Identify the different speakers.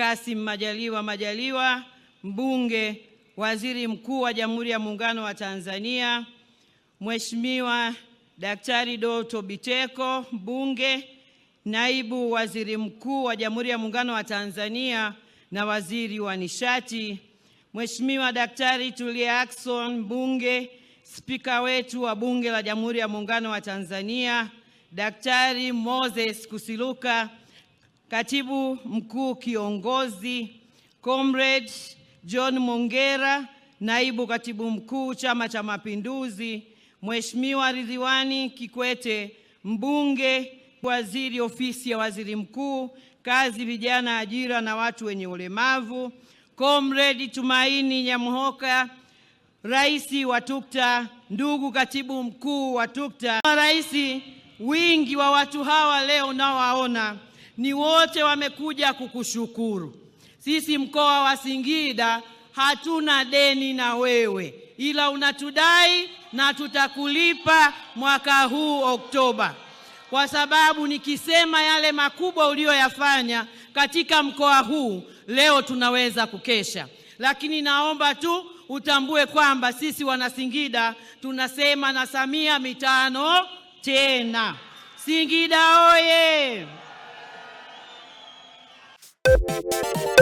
Speaker 1: kasim Majaliwa Majaliwa, mbunge, waziri mkuu wa Jamhuri ya Muungano wa Tanzania, Mheshimiwa Daktari Doto Biteko, mbunge, naibu waziri mkuu wa Jamhuri ya Muungano wa Tanzania na waziri wa nishati, Mheshimiwa Daktari Tulia Ackson, mbunge, spika wetu wa Bunge la Jamhuri ya Muungano wa Tanzania, Daktari Moses Kusiluka katibu mkuu kiongozi Comrade John Mongera, naibu katibu mkuu Chama cha Mapinduzi, Mheshimiwa Ridhiwani Kikwete, mbunge, waziri ofisi ya waziri mkuu, kazi, vijana, ajira na watu wenye ulemavu, Comrade Tumaini Nyamhoka, rais wa tukta ndugu katibu mkuu wa TUKTA, rais, wingi wa watu hawa leo unaowaona ni wote wamekuja kukushukuru. Sisi mkoa wa Singida hatuna deni na wewe, ila unatudai na tutakulipa mwaka huu Oktoba, kwa sababu nikisema yale makubwa uliyoyafanya katika mkoa huu leo tunaweza kukesha, lakini naomba tu utambue kwamba sisi wana singida tunasema na Samia mitano tena. Singida oye! Thank you.